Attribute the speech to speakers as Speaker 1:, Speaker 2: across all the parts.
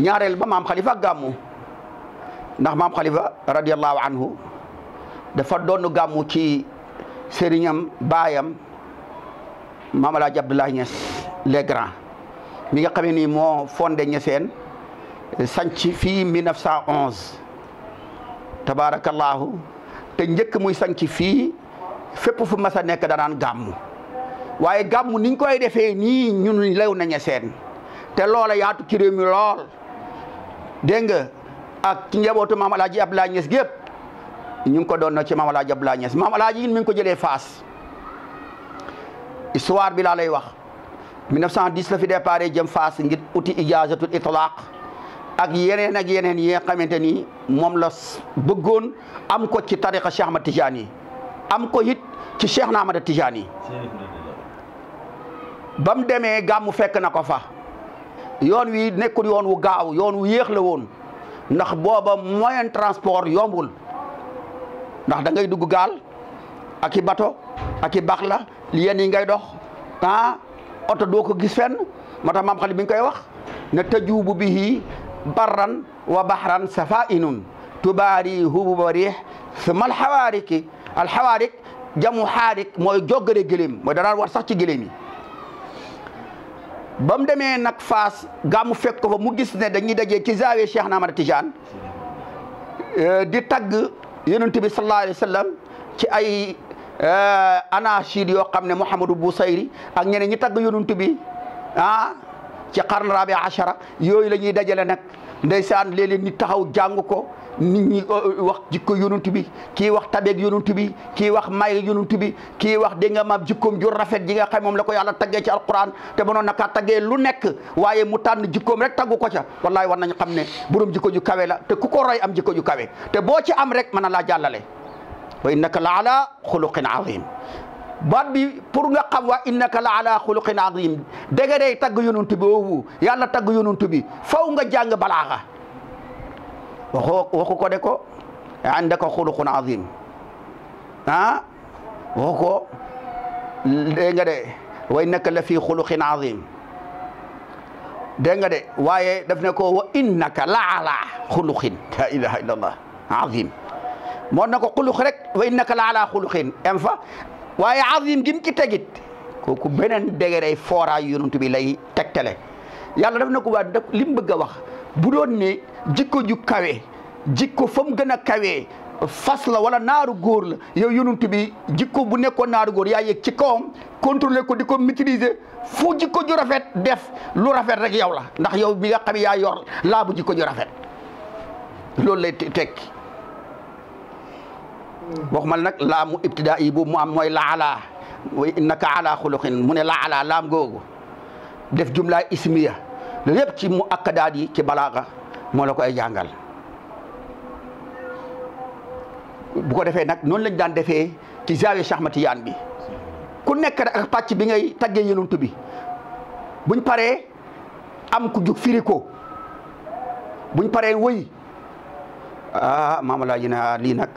Speaker 1: ñaareel ba maam Khalifa gàmmu ndax maam Khalifa radiyallahu anhu dafa doon gàmmu ci sëriñam baayam maam El Hadj Abdoulaye Niass mi nga xamee ni moo fondé Niassène sanc fii 1911 tabaarakallaahu te njëkk muy sanc fii fépp fu mas a nekk danaan gàmmu waaye gàmmu niñ koy defee nii ñun lew na Niassène te loola yaatu ci lool. dégg nga ak ci njabootu maam Alaaji Abdoulaye Niass gépp ñu ngi ko doon na ci maam Alaaji Abdoulaye Niass maam Alaaji mi ngi ko jëlee Faas histoire bi laa lay wax 1910 la fi déparé jëm Faas ngir uti ijaazatul itlaq ak yeneen ak yeneen yi nga xamante ni moom la bëggoon am ko ci tariqa Cheikh Ahmad Tijani am ko it ci Cheikh Ahmad Tijani bam demee gàmmu fekk na ko fa yoon wii nekkul yoon wu gaaw yoon wu yéex la woon ndax booba moyen transport yombul ndax dangay dugg gaal aki i bato ak i baax la yenn yi ngay dox ah oto doo ko gis fenn moo tax maam xali bi ngi koy wax ne tajuubu bihi barran wa bahran safa inun tubaari hububa riix suma alxawaariki alxawaarik jamu xaarik mooy joggare gëléem mooy danaan war sax ci gëléem yi ba mu demee nag Faas gàmmu fekk ko fa mu gis ne dañuy dajee ci zaawee Cheikh na Ahmad Tijaan euh, di tagg yonent bi sallallahu alayhi wa sallam ci ay euh, anachid yoo xam ne Mouhamadou Bousayri ak ñeneen ñi tagg yonent bi ah ci xarn rabi achara yooyu la ñuy dajale nag ndeysaan léeg-léeg nit taxaw jàng ko nit ñi euh, euh, wax jikko yonent bi kii wax tabeeg yonent bi kii wax may yonent bi kii wax dégg nga maam jikkoom ju rafet ji nga xam moom la ko yàlla taggee ci alquran te mënoon na kaa taggee lu nekk waaye mu tànn jikkoom rek taggu ko ca wallahi war nañ xam ne borom jikko ju kawe la te ku ko roy am jikko ju kawe te boo ci am rek mën na laa jàllale wa innaka la ala xuluqin azim baat bi pour nga xam waa innaka la ala xuluqin azim dégg day tagg yonent bi woowu yàlla tagg yonent fow nga jàng balaaxa waxoo waxu ko de ko indaka xuluqun azim a waxu ko dégg nga de wa innaka la fi xuluqin azim dégg nga de waaye daf na ko wa innaka la ala xuluqin la ilaha illa allah azim moo na ko xuluq rek wa innaka la ala xuluqin em fa waaye azim gim ci tegit kooku benen degré foora yonent bi lay tegtale yàlla daf na ko waa lim bëgg a wax bu doon ne jikko ju kawe jikko fa mu gën a kawee fas la wala naaru góor la yow yonent jikko bu nekkoon naaru góor yaa yegg ci kawam contrôler ko di ko maîtriser fu jikko ju rafet def lu rafet rek yow la ndax yow bi nga xam yaa yor laa jikko ju rafet loolu lay tekki waxuma nag laamu ibtidaa yi boobu mu am mooy laala innaka ala xuluqin mu ne laala laam googu def jumla ismiya loolu yëpp ci mu akkadaat yi ci balaaga moo la ko ay jàngal bu ko defee nag noonu lañ daan defee ci zaawiya Cheikh Ahmad bi ku nekk rek ak pàcc bi ngay taggee yonent bi buñ paree am ku jug firi ko buñ paree wëy ah maama laa lii nag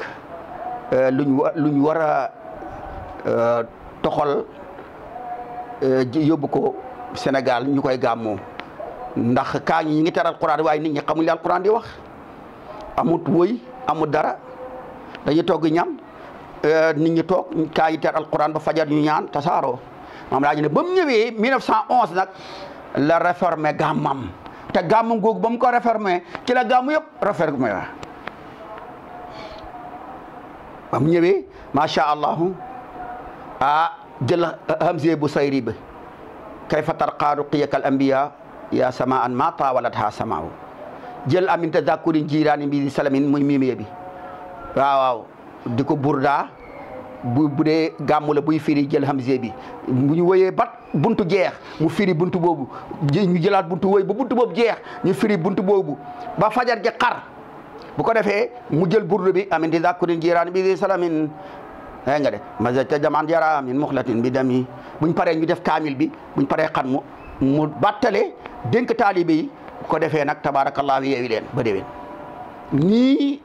Speaker 1: eh, luñ luñ war a eh, toxal eh, yóbbu ko Sénégal ñu koy gàmmoo ndax kaa ñi ngi teral Alquran waaye nit ñi xamuñ la Alquran di wax amut wëy amut dara dañuy togg ñam euh, nit ñi toog kaa yi ter Alquran ba fajar ñu ñaan tasaaroo maam laa ji ne ba mu ñëwee 1911 nag la réformé gàmmam te gàmmu googu ba mu ko réformé ci la gàmmu yëpp réformé wa ba mu ñëwee macha allah ah jël hamze bu sayri bi kayfa tarqaa ruqiyaka al anbiya yaa sama an ma taawalat ha samaaw jël amin tadakurin jiiraani bi salamin muy mimiye bi waaw waaw di ko bu bu dee gàmmu la buy firi jël hamze bi bu ñu woyee bat buntu jeex mu firi buntu boobu ñu jëlaat buntu woy ba buntu boobu jeex ñu firi buntu boobu ba fajar ji xar bu ko defee mu jël burdu bi amin ti dakurin jiiraan bi di salamin nga de mazajta jamaan jara amin muxlatin bi dami buñ paree ñu kaamil bi buñ paree xan mu mu battale dénk taalibe yi ko defee nag tabaarakallaahu yeewi leen ba déwén nii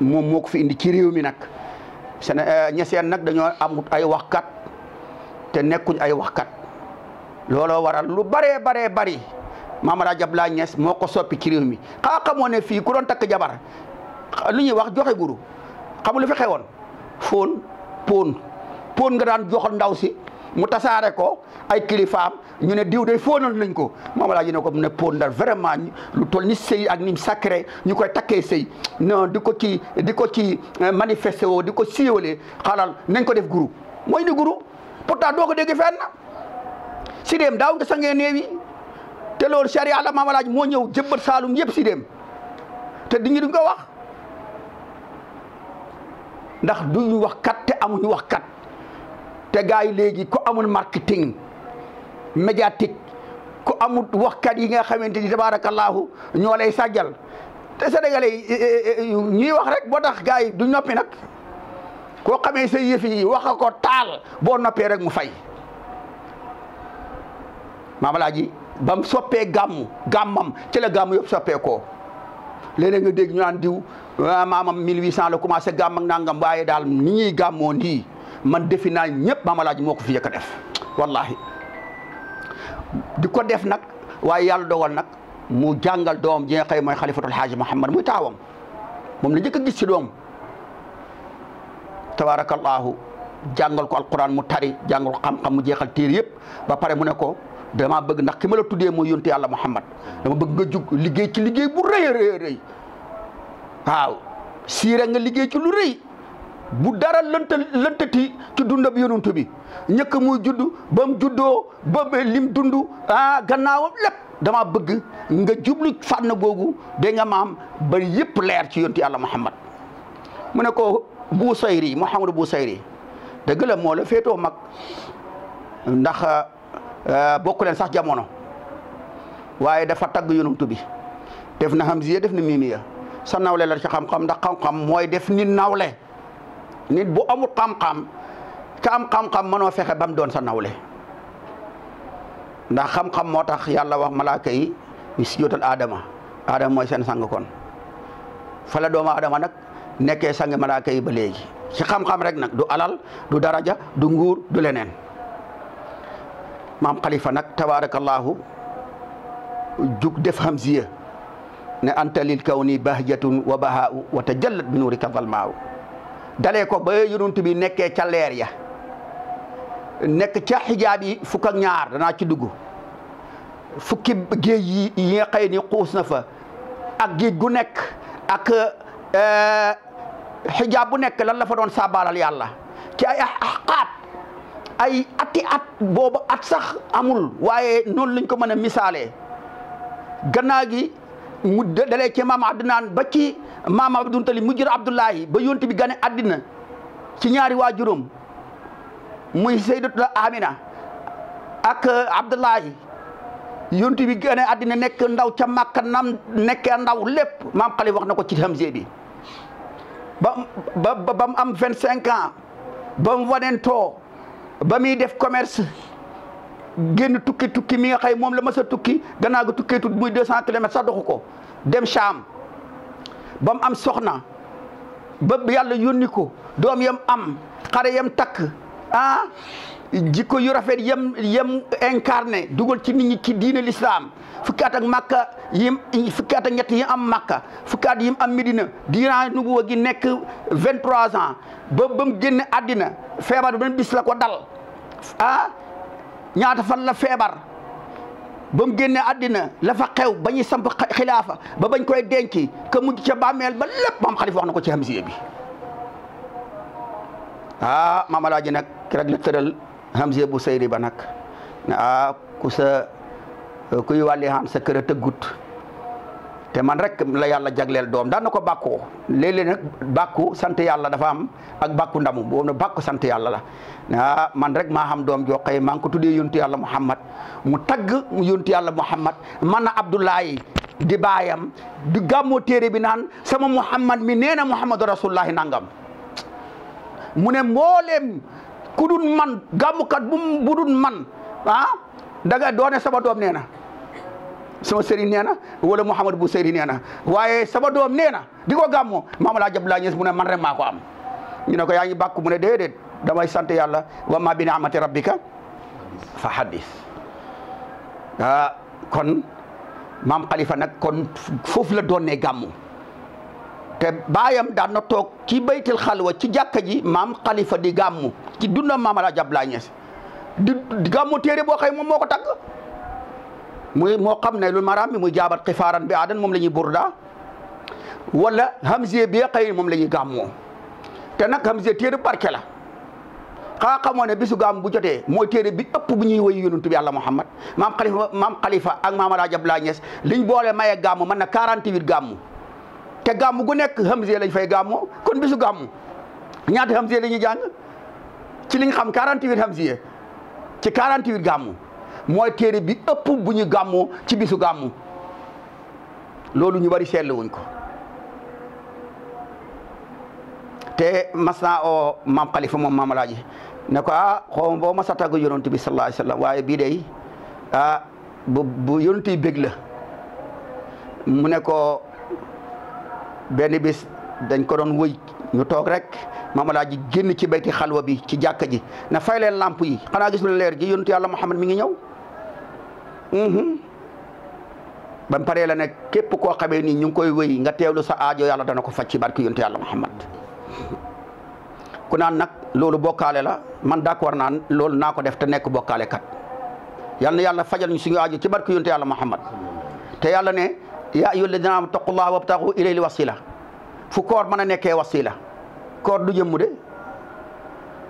Speaker 1: moom moo ko fi indi ci réew mi nag eh, seen ñeseen nag dañoo amut ay waxkat te nekkuñ ay waxkat looloo waral lu baree baree bari Maam Alaaji Abdoulaye Niass moo ko soppi ci réew mi xaa xamoo ne fii ku doon takk jabar lu ñuy wax joxe guru xam lu fi woon foon poon poon nga daan joxoon ndaw si mu tasaare ko ay kilifaam ñu ne diw foo fóonal nañ ko moom laa ñu ne ko mu ne pondal vraiment lu tol ni sëy ak ni sacré ñu koy takkee sey non di ko ci di ko ci euh, manifesté woo di ko siiwalee xalal nañ ko def guru mooy ni guru pourtant doo ko dégg fenn si dem daaw nga sangee néew yi te loolu charia la laaj moo ñëw jëbbat saalum yëpp si dem te di ñu duñ ko wax ndax duñu wax kat te amuñu wax kat te gars yi léegi ku amul marketing médiatique ku amut waxkat yi nga xamante ni tabaarakallaahu ñoo lay sàjjal te sénégalais yi eh, eh, eh, ñuy wax rek boo tax gars yi du noppi nag koo xamee sa yëf yi wax a ko taal boo noppee rek mu fay maamalaaji bam soppee gàmmu gàmmam ci la gàmmu yëpp soppee koo léeg-léeg nga dégg ñu naan diw ah, maamam 1800 la commencé gàmm ak nangam waaye daal ni ñuy gàmmoo nii man defi naa ñëpp maam alaaji moo ko fi yëkk def wallahi di ko def nag waaye yàlla dogal nag mu jàngal doom ji nga xëy mooy xalifatul xaaji mu muy taawam moom la njëkk a gis ci doom tabaarakallaahu jàngal ko alquran mu tari jàngal ko xam-xam mu jeexal téere yëpp ba pare mu ne ko dama bëgg ndax ki ma la tuddee mooy yontu yàlla Muhammad dama bëgg nga jug liggéey ci liggéey bu rëy a rëy waaw siire nga liggéey ci lu rëy bu dara lënt lëntati ci dundam yonent bi ñëkk muy judd ba mu juddoo ba lim dund ah gannaawam lépp dama bëgg nga jublu fànn googu da nga maam ba yëpp leer ci yonti yàlla Muhammad mu ne ko Busayri Muhammad Busayri dëgg da moo la féetoo mag ndax ah, bokk leen sax jamono waaye dafa tagg yonent bi def na hamziya def na miimiya sa nawle la ci xam-xam ndax xam-xam mooy def ni nawle nit boo amul xam-xam ka am xam-xam mënoo fexe ba doon sa nawle ndax xam-xam moo tax yàlla wax malaaka yi ñu si jotal aadama aadama mooy seen sang kon fala la doomu aadama nag nekkee sang malaaka yi ba léegi ci xam-xam rek nag du alal du daraja du nguur du leneen maam kalifa nag tabaarakallaahu jug def hamziya ne anta kaw ni bahjatun wa bahaa'u wa tajallat bi nuurika zalmaaw dalee ko ba yonent bi nekkee ca leer ya nekk ca xijaab yi fukk ak ñaar danaa ci dugg fukki géej yi yi nga ni xuus na fa ak géej gu nekk ak eh, xijaab bu nekk lan la fa doon saabaalal yàlla ci ay axqaat ay ati at boobu at sax amul waaye noonu lañ ko mën a misaalee gannaaw gi mu dalee ci maam Adnaan maam Abdul Talib mu jur Abdullahi ba yonent bi gane àddina ci ñaari waajuram muy Sayyidatu Amina ak Abdullahi yonent bi gane àddina nekk ndaw ca Makka nam nekke ndaw lépp maam Xalifa wax na ko ci Hamza bi ba ba ba mu am vingt cinq an ba mu wanentoo ba muy def commerce génn tukki tukki mi nga xëy moom la mas a tukki gannaaw ga tukkee tut cent kilomètres sax doxu ko dem Cham ba mu am soxna ba yàlla yónni ko doom yam am xare yam takk ah jikko yu rafet yam yam incarné dugal ci nit ñi ci diine l'islam fukki at ak makka yim fukki at ak ñett yi am makka fukki at yim am Medina diina nubuwa gi nekk vingt trois ans ba ba mu génne àddina feebar bi bis la ko dal ah ñaata fan la feebar ba mu génnee àddina la fa xew ba ñuy samp xilaafa ba bañ koy denc ka mujj ca bàmmeel ba lépp maam xalifa wax na ko ci hamziya bi ah maam alaaji nag ki rek la tëral hamziya bu sayri ba nag ah, ku sa kuy wàlli xaan sa kër a tëggut te man rek la yàlla jagleel doom daan na ko bàkkoo léeg-léeg nag bàkku sant yàlla dafa am ak bàkku ndamu bo na bàkku sant yàlla la ah, man rek maa xam doom joo xëy maa ngi ko tuddee yontu yàlla Muhammad mu tagg yontu yàlla Muhammad man na Abdoulaye di baayam du gàmmoo téere bi naan sama Muhammad mi nee na Muhammadu rasulullahi nangam mu ne mbooleem ku dun man gàmmukat bum budun man ah daga doone sama doom nee na sama sëriñ nee na wala Mouhamed bu sëriñ nee na waaye sama doom nee na di ko gàmmoo maam laa jab laa ñees mu ne man rek maa ko am ñu ne ko yaa ngi bàkku mu ne déedéet damay sant yàlla wa ma bi ni'mati rabbika fa hadis ah kon maam Khalifa nag kon foofu la doon ne gàmmu te baayam daan na toog ci baytil xalwa ci jàkka ji maam Khalifa di gàmmu ci dundam maam laa jab laa di gàmmu téere boo xëy moom moo muy moo xam ne lu maraam bi muy jaabat xifaaran bi aadan moom la ñuy burda wala hamziya bi xëy moom la ñuy gàmmoo te nag hamziya téere barke la xaa xamoo ne bisu gàmm bu jotee mooy téere bi ëpp bu ñuy woy yonent bi yàlla Muhammad maam Khalifa maam Khalifa ak maam Alaaji Abdoulaye Niass liñ boole maye gàmm mën na 48 gàmm te gàmm gu nekk hamziya lañ fay gàmmoo kon bisu gàmm ñaata hamziya la ñuy jàng ci liñ xam 48 hamziya ci 48 gàmm. mooy téere bi ëpp bu ñu gàmmoo ci bisu gàmmu loolu ñu bari seetlu wuñ ko te mas naa oo maam moom maam Alaaji ne ko ah, xaw ma boo mas a tàgg yonent bi sallallahu waaye bii day ah bu bu yonent bég la mu ne ko benn bis dañ ko doon wëy ñu toog rek maam Alaaji génn ci bayti xalwa bi ci jàkka ji na fay leen lamp yi xanaa gis na leer gi yonent yàlla Muhammad mi ngi ñëw Mhm. ba mu paree la nag képp koo xamee ni ñu ngi koy wéy nga teewlu sa aajo yàlla dana ko faj ci barki yonte yàlla Muhammad ku naan nag loolu bokkaale la man d'accord naan loolu naa ko def te nekk bokkaale kat yal yàlla fajal ñu suñu aajo ci barki yonte yàlla Muhammad te yàlla ne yaa ayyuha alladina am taqullaha wabtaxu ilayhi wasila fu koor mën a nekkee wasila koor du jëmm de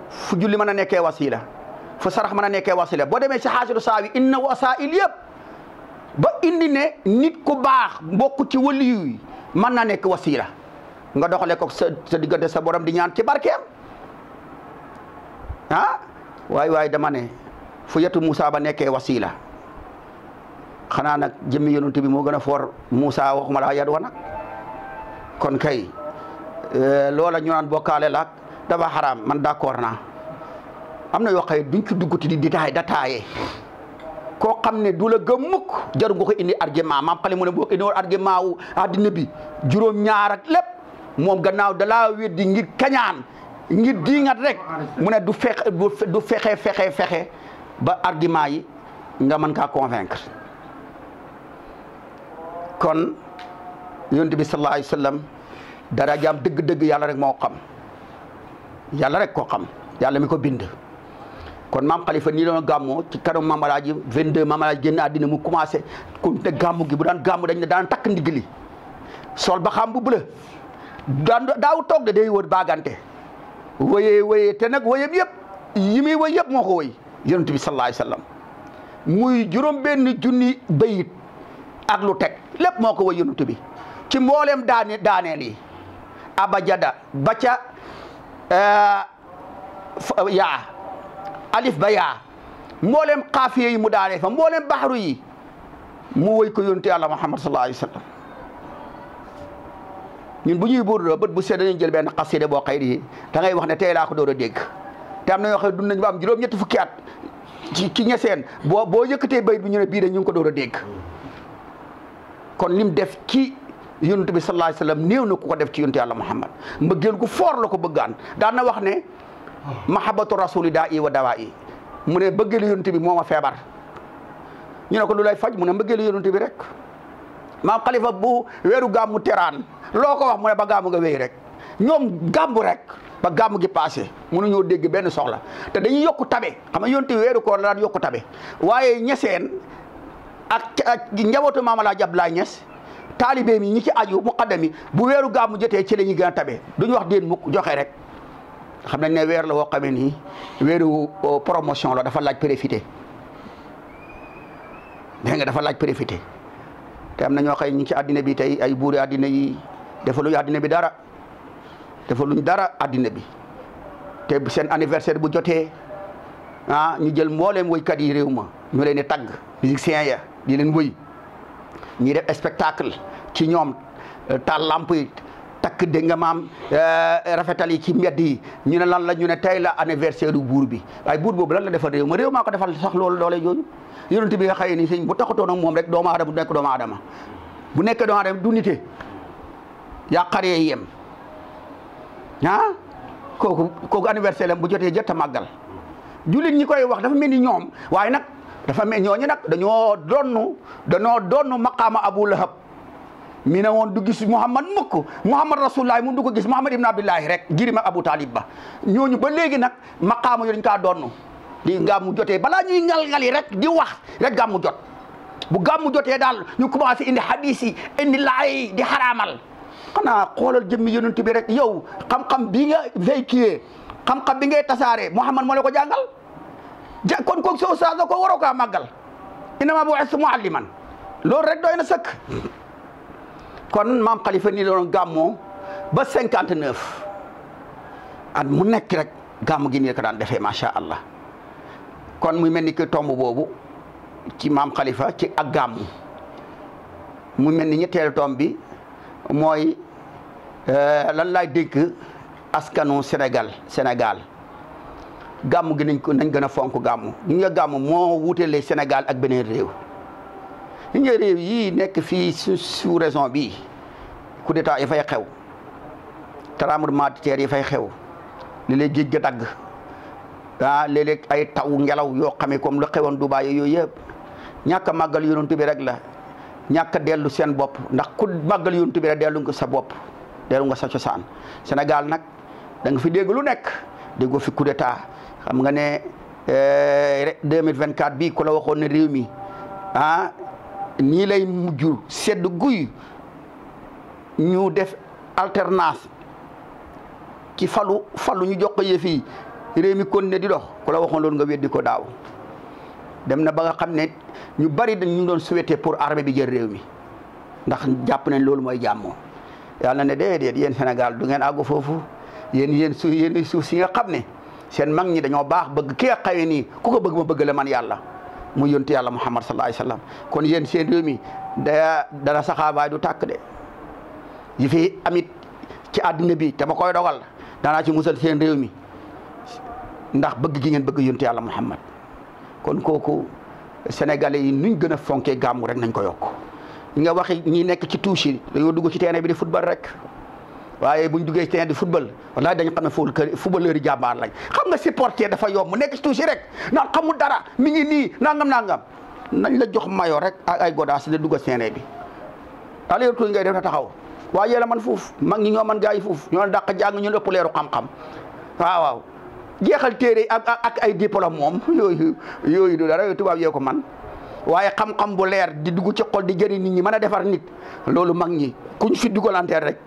Speaker 1: fu julli mën a nekkee wasila fu sarax mën a nekkee wasila boo demee si xaasiru saawi inna wasail yëpp ba indi ne nit ku baax mbokk ci waliyu man mën naa nekk wasila nga doxale ko sa sa diggante sa borom di ñaan ci barkeem ah waay waay dama ne fu yetu Moussa ba nekkee wasila xanaa nag jëmmi yonent bi moo gën a foor Moussa waxuma laa yadu wa nag kon kay eh, loola ñu naan bokkaale laak dafa xaraam man d'accord naa am na yoo xam ne duñ ci dugg di détaillé détaillé koo xam ne du la gëm mukk jaru nga ko indi argument maam xale mu ne boo indi woon argument wu addina bi juróom-ñaar ak moom gannaaw dalaa weddi ngir kañaan ngir diingat rek mu ne du fexe du fexe fexe ba argument yi nga mën kaa convaincre kon yonent bi sallallahu alayhi wa dara jaam dëgg-dëgg yàlla rek moo xam yàlla rek koo xam yàlla mi ko bind kon maam Khalifa nii doon gàmmoo ci kanam maam Alaaji 22 maam Alaaji génn àddina mu commencé gi bu daan gàmmu dañ ne daan takk ndigli sol ba xam bu bëla daan daaw toog de day wër baagante woyee woyee te nag woyam yëpp yi muy woy yëpp moo ko woy yonent bi sallallahu alayhi wasallam muy juróom benn junni bayit ak lu teg lépp moo ko woy yonent bi ci mbooleem daane daaneel yi abajada baca ca euh, alif ba yaa mboolem xaafiye yi mu daale fa mbooleem baxaru yi mu woy ko yonte yàlla muhammad sallallahu alayhi wa sallam ñun bu ñuy buur bët bu sedd dañuy jël benn xasida boo xëy di da ngay wax ne tey laa ko a dégg te am na ñoo xam ne dund nañu ba am juróom-ñetti fukki at ci ci ñeseen boo boo yëkkatee bayit bu ñu ne bii dañu ngi ko door a dégg kon lim def ci yonent bi sallallahu alayhi wa sallam néew ku ko def ci yonent yàlla muhammad mbëggeel gu foor la ko bëggaan daan na mahabbatu rasuli daa i wa dawaa i mu ne bëggeelu yonent moom moo feebar ñu ne ko lu lay faj mu ne mbëggeelu yonent bi rek maam xalifa bu weeru gàmmu teraan loo ko wax mu ne ba gàmmu nga wéy rek ñoom gàmmu rek ba gàmmu gi passé mënuñoo dégg benn soxla te dañuy yokku tabe xam nga yonent weeru ko la daan yokku tabe waaye ñeseen ak njabootu maam Alaaji Abdoulaye Ñas taalibe mi ñi ci aju muqaddam yi bu weeru gàmmu jotee ci la ñuy gën a tabe duñu wax déen mukk joxe rek xam nañ ne weer la woo xamee nii weeru euh, promotion la dafa laaj profité dégg nga dafa laaj profité te am na ñoo xëy ñi ci àddina bi tey ay buuri àddina yi defaluñu àddina bi dara defaluñ dara àddina bi te seen anniversaire bu jotee ah ñu jël mbooleem woykat yi réew ma ñu leen di tagg musiciens ya di leen wëy ñuy def spectacle ci ñoom euh, taal lamp takk dégg nga maam eh, rafetal yi ci mbedd yi ñu ne lan la ñu ne tey la anniversaire bu buur bi waaye buur boobu lan la defal réew ma réew maa ko defal sax lool loolee jooju yonent bi nga xëyee ni sëñ bu taxatoon ak moom rek doomu aadama du nekk bu nekkee doomu aadama du nite yaa xaree yem ah kooku kooku anniversaire bu jotee jot a màggal jullit ñi koy wax dafa mel ni ñoom waaye nag dafa mel ñooñu nag dañoo donnu dañoo donnu maqaama abu lahab mi ne woon du gis Muhammad mukk Muhammad rasulullah mun du ko gis Muhammad ibn Abdullahi rek girima Abu Talib ba ñooñu ba léegi nag maqaamu yooyu dañ kaa doon di gàmmu jotee balaa ñuy ngal-ngali rek di wax rek gàmmu jot bu gàmmu jotee daal ñu commencé indi hadis yi indi laay di xaraamal xanaa xoolal jëmmi yonent bi rek yow xam-xam bi nga véhiculé xam-xam bi ngay tasaare Muhammad moo la ko jàngal ja kon kooku soo saa ko waroo kaa màggal innamaa bu'ithtu mu'alliman loolu rek doy na kon maam Khalifa nii la doon gàmmoo ba cinquante neuf at mu nekk rek gàmm gi nii ko daan defee macha allah kon muy mel ni que tomb boobu ci maam Khalifa ci ak gàmm mu mel ni ñetteelu tomb bi mooy euh, lan laay dénk askanu Sénégal senegal gàmm gi nañ ko nañ gën a fonk gàmm ñu nga gàmm moo wuutelee Sénégal ak beneen réew. li yii nekk fii su sous raison bii coup d'état yi fay xew tremblement de yi fay xew li lay géej ga dagg ah léeg ay taw ngelaw yoo xamee comme la xewoon Dubaay yooyu yëpp ñàkk a màggal yonent bi rek la ñàkk dellu seen bopp ndax ku màggal yonent tube rek dellu nga sa bopp dellu nga sa cosaan senegal nag da fi dégg lu nekk déggoo fi coup d'état xam nga ne 2024 eh, bii ku la waxoon ne réew mi ah nii lay mujj sedd guy ñu def alternance ki falu falu ñu jox ko yëf yi réew mi kon ne di dox ku la waxoon loolu nga weddi ko daaw dem na ba nga xam ne ñu bari dañu doon souhaité pour armée bi jël réew mi ndax jàpp nañ loolu mooy jàmm yàlla ne déedéet yéen senegal du ngeen àggu foofu yéen yéen su yéen suuf si nga xam ne seen mag ñi dañoo baax bëgg ki nga xawee nii ku ko bëgg ma bëgg la man yàlla mu yonti yàlla muhammad sallallahu alayhi wa sallam kon yéen seen réew mi daya dara saxaabaay du tàkk de yi fi amit ci àdduna bi te ma koy dogal danaa ci musal seen réew mi ndax bëgg gi ngeen bëgg yonti yàlla muhammad kon kooku sénégalais yi nuñ gën a fonkee gàmmu rek nañ ko yokk nga waxi ñi nekk ci tuuti dañoo dugg ci terrain bi di football rek waaye bu ñu duggee ci di football wallaahi dañu xam ne foofu kër footballeur yi jàmbaar lañ xam nga supporter dafa yomb mu nekk si tuuti rek naan xamul dara mi ngi nii nangam nangam nañ la jox mayo rek ak ay godaas di dugg seenee bi. allé tuuti ngay def na taxaw waaye yéen man foofu mag ñi ñoo man gars foofu ñoo dàq jàng ñu ëpp leeru xam-xam waaw waaw jeexal téere ak ay diplôme moom yooyu yooyu du dara tubaab ko man waaye xam-xam bu leer di dugg ci xol di jëriñ nit ñi mën a defar nit loolu mag ñi kuñ fi dugalanteer rek.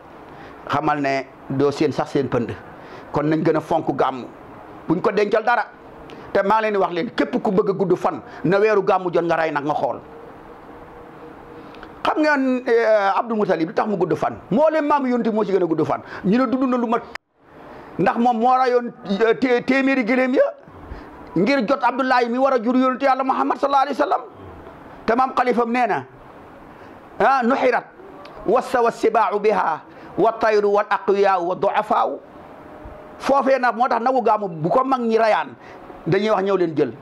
Speaker 1: xamal ne doo seen sax seen pënd kon nañ gën a fonk gàmm buñ ko dencal dara te maa leen wax leen képp ku bëgg a gudd fan na weeru gàmmu jot nga rey nag nga xool xam ngeen eh, Abdou Moutalib li tax mu gudd fan moo leen yoon yonti moo ci gën a gudd fan ñu ne dund lu mat ndax moom moo rayoon eh, téeméeri gëléem ya ngir jot Abdoulaye mi war a jur yonente yàlla Muhammad sallallahu alayhi wa sallam te maam xalifam nee na ah nuxirat wassa wa sibaau biha wa tayru wal aqwiyaaw wa doafaaw foofee nag moo tax nagu gaamu bu ko mag ñi rayaan dañuy wax ñëw leen jël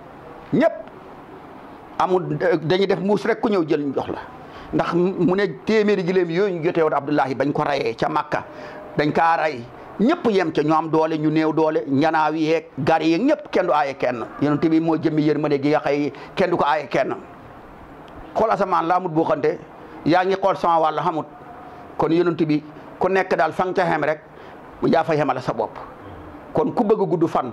Speaker 1: ñëpp amul dañuy def muus rek ku ñëw jël ñu jox la ndax mu ne téeméeri gileem yooyu ñu jotee woon Abdullahi bañ ko rayee ca Makka dañ kaa ray ñëpp yem ca ñu am doole ñu néew doole ñanaaw yeeg gar yeeg ñëpp kenn du aaye kenn yonent bi moo jëmmi yërmande gi nga xëy kenn du ko aaye kenn xool asamaan laa mut boo xante yaa ngi xool sama wàll xamut kon yonent bi ku nekk daal fan nga ca rek yaa fa xemale sa bopp kon ku bëgg gudd fan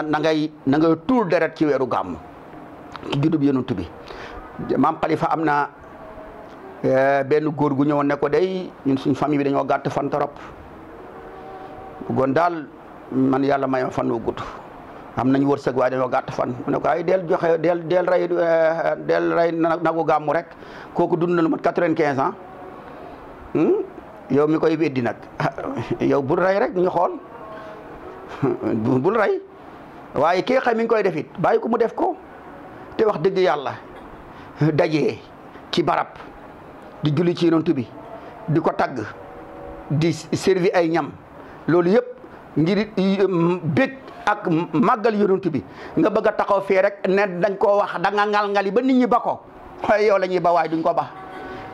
Speaker 1: na ngay na ngay tuur deret ci weeru gàmm ki juddub yonent bi maam xalifa am na eh, benn góor gu ñëwoon ne ko day ñun suñ famille bi dañoo gàtt fan trop bëggoon daal man yàlla may fan wu gudd am nañu wërsëg waaye dañoo gàtt fan mu ne ko ay del joxe del del rey eh, del rey nagu gàmmu rek kooku dund na lu mat quatre-vingt-quinze ans hmm? yow mi koy weddi nag yow bul rey rek ñu xool bul rey waaye ki nga mi ngi koy def it bàyyi ko mu def ko te wax dëgg yàlla daje ci barab di julli ci yonent bi di ko tagg di servi ay ñam loolu yëpp ngir bég ak màggal yonent bi nga bëgg a taxaw fee rek ne dañ koo wax da nga ngal ngali ba nit ñi ba ko waaye yow la ñuy ba duñ ko ba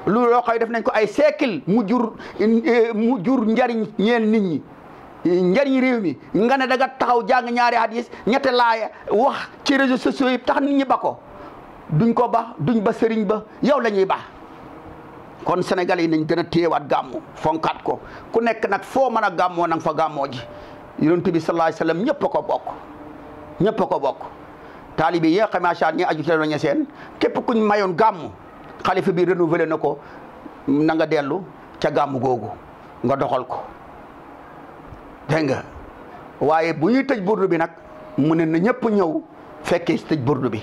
Speaker 1: lu loo xay def nañ ko ay siècle mu jur mu jur njariñ ñeel nit ñi njariñ réew mi nga ne da taxaw jàng ñaari hadis ñette laaya wax ci réseaux sociaux yi tax nit ñi duñ ko ba duñ ba sëriñ ba yow la ñuy kon senegal yi nañ gën a téyewaat gàmmu fonkaat ko ku nekk nag foo mën a gàmmoo nang fa gàmmoo ji yonent bi sallallahu alayhi wasallam ñëpp ko bokk ñëpp ko bokk taalibe yi nga xam ne ñi aju te ña seen képp kuñ mayoon gàmmu xalifa bi renouvelé na ko nanga dellu ca gàmm googu nga doxal ko dégg nga waaye bu ñuy tëj burdu bi nag mu ne na ñëpp ñëw fekkee tëj burdu bi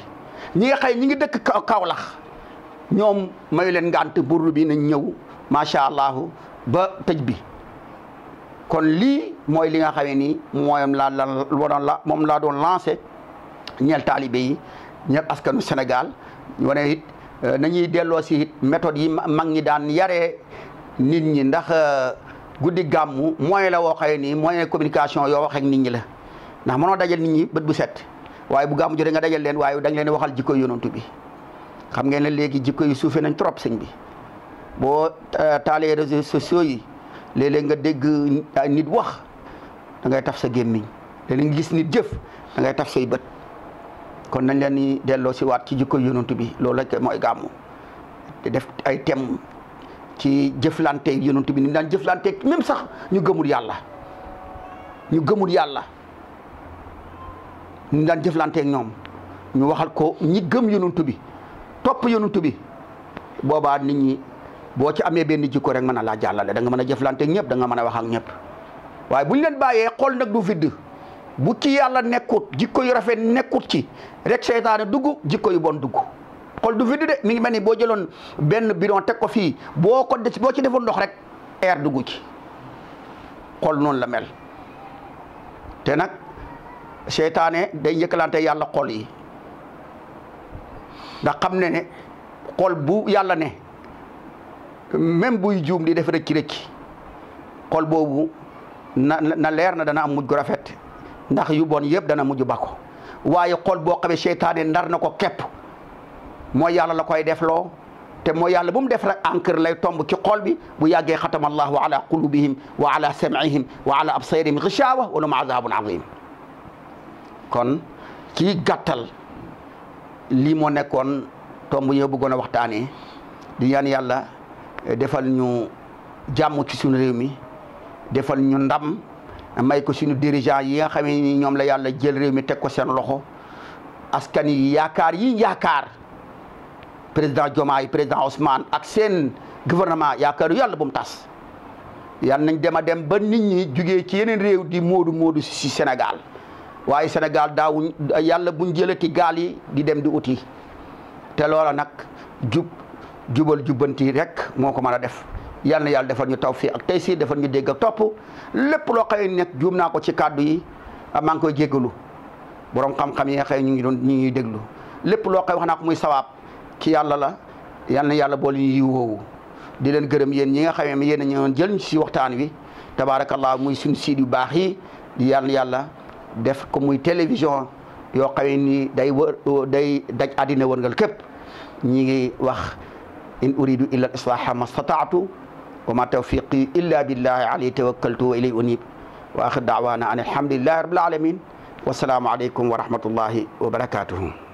Speaker 1: ñi nga xëy ngi dëkk kawlax ñoom mayu leen ngànt burdu bi na ñëw macha allah ba tëj bi kon lii mooy li nga xamee nii mooyam laa la moom laa doon lancé ñeel taalibe yi ñeel askanu senegal wane it Euh, nañuy delloo si méthode yi mag ñi daan yare nit ñi ndax euh, guddi gàmmu moyen la woo xëy nii moyen communication yoo wax ak nit ñi la ndax mënoo dajal nit ñi bët bu set waaye bu gàmmu jotee nga dajal leen waaye dañ leen waxal jikko yonantu bi xam ngeen ne léegi jikko yu suufee nañ trop sëñ bi boo taalee réseaux sociaux yi léeg nga dégg nit wax da ngay taf sa gémmiñ léeg-léeg gis nit jëf da ngay taf say bët kon nañ leen ni delloo si waat ci jikko yonent bi loolu la mooy gàmmu te def ay thème ci jëflante yonent bi ni daan jëflante même sax ñu gëmul yàlla ñu gëmul yàlla ñu daan jëflante ñoom ñu waxal ko ñi gëm yonent bi topp yonent bi boobaa nit ñi boo ci amee benn jikko rek mën na laa jàllale danga nga mën a jëflante ñëpp danga nga mën a wax ak ñëpp waaye bu ñu leen bàyyee xool nag du fidd bu ci yàlla nekkut jikko yu rafet nekkut ci rek seytaane dugg jikko yu bon dugg xol du vide de mi ngi mel ni boo jëloon benn bidon teg ko fii boo ko de des boo ci defoon ndox rek air dugg ci xol noonu la mel te nag seytaane day njëkkalante yàlla xol yi ndax xam ne ne xol bu yàlla ne même buy juum di def rëcc rëcc xol boobu na na leer na dana am mujj gu rafet ndax yu bon yëpp dana mujj bako waaye xol boo xamee seytaane ndar na ko képp mooy yàlla la koy defloo te mooy yàlla bu mu def rek encre lay tomb ci xol bi bu yàggee xatama allahu ala qulubihim wa ala sam'ihim wa ala absarihim ghishawa wa lahum azabun azim kon ci gàttal lii moo nekkoon tomb yow bëggoon a waxtaanee di ñaan yàlla defal ñu jàmm ci suñu réew mi defal ñu ndam may ko suñu dirigeant yi nga xamee ni ñoom la yàlla jël réew mi teg ko seen loxo askan yi yaakaar yi yaakaar président Diomaye président Ousmane ak seen gouvernement yaakaaru yàlla bu mu tas yan nañ dem a dem ba nit ñi jugee ci yeneen réew di moodu moodu si senegal waaye Sénégal daawuñ yàlla buñ jëlati gaal yi di dem di uti te loola nag jub jubal jubbanti rek moo ko mën a def yal na yàlla defal ñu tawfiq ak taysir defal ñu dégg ak topp lépp loo xëy nekk juum naa ko ci kàddu yi ah, maa ngi koy jéggalu borom xam-xam yi nga xëy ñu ngi doon ñu ngi déglu lépp loo xëy wax naa ko muy sawaab ci yàlla la yal na yàlla bool yi yiw woowu di leen gërëm yéen ñi nga xamee ne yéen a ñëwoon jël si waxtaan wi tabaarakallah muy suñu siid yu baax yi yal yàlla def ko muy télévision yoo xamee ni day wër day daj àddina wërngal képp ñi ngi wax in uridu illa islaha ma wa ma tawfiqi illa billahi alayhi tawakkaltu wa ilayhi unib wa axir daawaana an alhamdulillahi rabbil alamin wa salaamu aleykum wa rahmatullahi wa barakatuhu